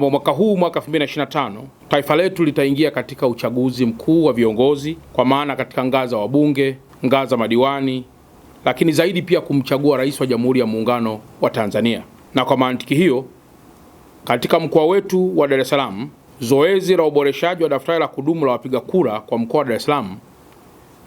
Mwaka huu mwaka 2025 taifa letu litaingia katika uchaguzi mkuu wa viongozi kwa maana katika ngaza wa bunge, ngaza madiwani, lakini zaidi pia kumchagua rais wa Jamhuri ya Muungano wa Tanzania. Na kwa mantiki hiyo, katika mkoa wetu wa Dar es Salaam, zoezi la uboreshaji wa daftari la kudumu la wapiga kura kwa mkoa wa Dar es Salaam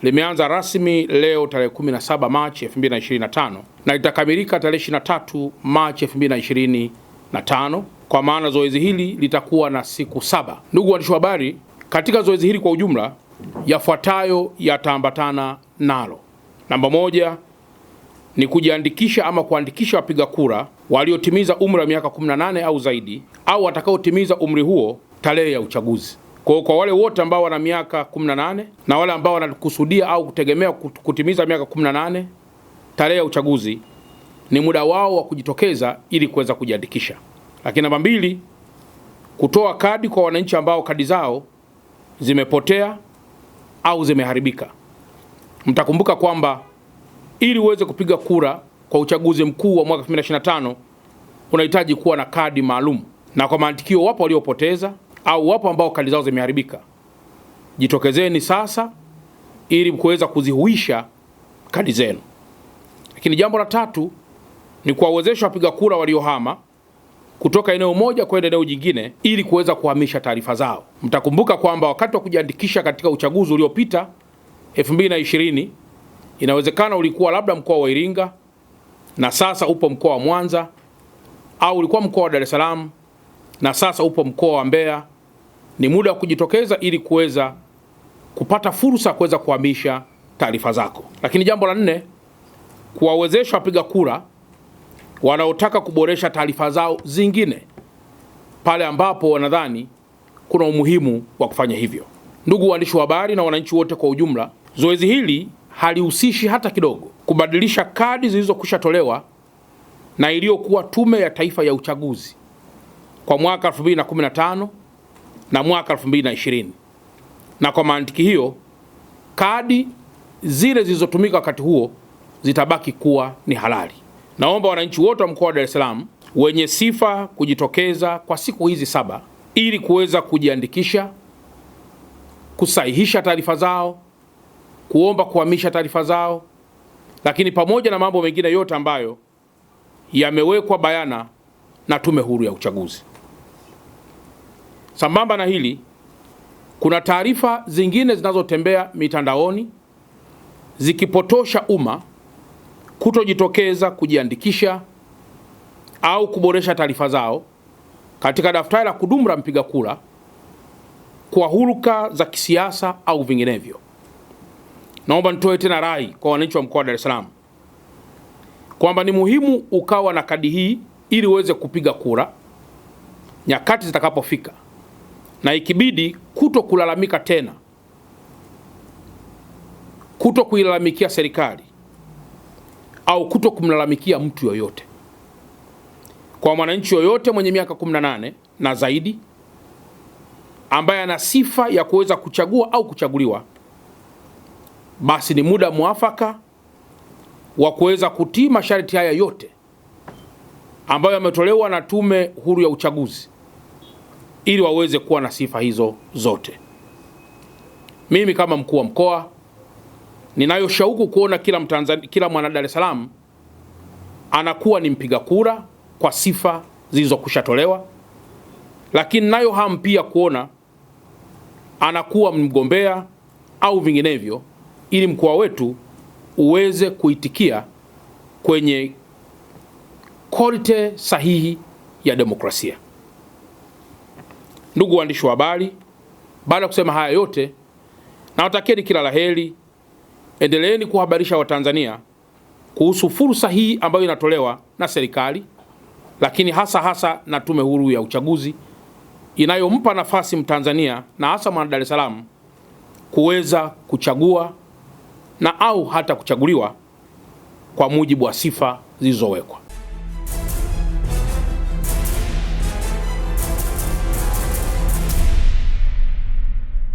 limeanza rasmi leo tarehe 17 Machi 2025 na litakamilika tarehe 23 Machi 2025 kwa maana zoezi hili litakuwa na siku saba. Ndugu waandishi wa habari, katika zoezi hili kwa ujumla, yafuatayo yataambatana nalo. Namba moja ni kujiandikisha ama kuandikisha wapiga kura waliotimiza umri wa miaka 18 au zaidi au watakaotimiza umri huo tarehe ya uchaguzi. Kwa kwa wale wote ambao wana miaka 18 na wale ambao wanakusudia au kutegemea kutimiza miaka 18 tarehe ya uchaguzi, ni muda wao wa kujitokeza ili kuweza kujiandikisha. Lakini namba mbili, kutoa kadi kwa wananchi ambao kadi zao zimepotea au zimeharibika. Mtakumbuka kwamba ili uweze kupiga kura kwa uchaguzi mkuu wa mwaka 2025 unahitaji kuwa na kadi maalum, na kwa mantikio, wapo waliopoteza au wapo ambao kadi zao zimeharibika. Jitokezeni sasa ili kuweza kuzihuisha kadi zenu. Lakini jambo la tatu ni kuwawezesha wapiga kura waliohama kutoka eneo moja kwenda eneo jingine ili kuweza kuhamisha taarifa zao. Mtakumbuka kwamba wakati wa kujiandikisha katika uchaguzi uliopita 2020 inawezekana ulikuwa labda mkoa wa Iringa na sasa upo mkoa wa Mwanza, au ulikuwa mkoa wa Dar es Salaam na sasa upo mkoa wa Mbeya. Ni muda wa kujitokeza ili kuweza kupata fursa ya kuweza kuhamisha taarifa zako. Lakini jambo la nne, kuwawezesha wapiga kura wanaotaka kuboresha taarifa zao zingine pale ambapo wanadhani kuna umuhimu wa kufanya hivyo. Ndugu waandishi wa habari na wananchi wote kwa ujumla, zoezi hili halihusishi hata kidogo kubadilisha kadi zilizokwisha tolewa na iliyokuwa Tume ya Taifa ya Uchaguzi kwa mwaka 2015 na mwaka 2020, na kwa mantiki hiyo kadi zile zilizotumika wakati huo zitabaki kuwa ni halali. Naomba wananchi wote wa mkoa wa Dar es Salaam wenye sifa kujitokeza kwa siku hizi saba ili kuweza kujiandikisha, kusahihisha taarifa zao, kuomba kuhamisha taarifa zao, lakini pamoja na mambo mengine yote ambayo yamewekwa bayana na Tume Huru ya Uchaguzi. Sambamba na hili, kuna taarifa zingine zinazotembea mitandaoni zikipotosha umma kutojitokeza kujiandikisha au kuboresha taarifa zao katika daftari la kudumu la mpiga kura kwa huruka za kisiasa au vinginevyo. Naomba nitoe tena rai kwa wananchi wa mkoa wa Dar es Salaam kwamba ni muhimu ukawa na kadi hii ili uweze kupiga kura nyakati zitakapofika, na ikibidi kuto kulalamika tena, kuto kuilalamikia serikali au kuto kumlalamikia mtu yoyote. Kwa mwananchi yoyote mwenye miaka 18 na zaidi ambaye ana sifa ya kuweza kuchagua au kuchaguliwa, basi ni muda mwafaka wa kuweza kutii masharti haya yote ambayo yametolewa na Tume Huru ya Uchaguzi ili waweze kuwa na sifa hizo zote. Mimi kama mkuu wa mkoa ninayoshauku kuona kila Mtanzania, kila mwana Dar es Salaam anakuwa ni mpiga kura kwa sifa zilizokwisha tolewa, lakini nayo hamu pia kuona anakuwa mgombea au vinginevyo, ili mkoa wetu uweze kuitikia kwenye kote sahihi ya demokrasia. Ndugu waandishi wa habari, baada ya kusema haya yote, nawatakieni kila la heri endeleeni kuhabarisha Watanzania kuhusu fursa hii ambayo inatolewa na serikali, lakini hasa hasa na Tume Huru ya Uchaguzi inayompa nafasi Mtanzania na hasa mwana Dar es Salaam kuweza kuchagua na au hata kuchaguliwa kwa mujibu wa sifa zilizowekwa.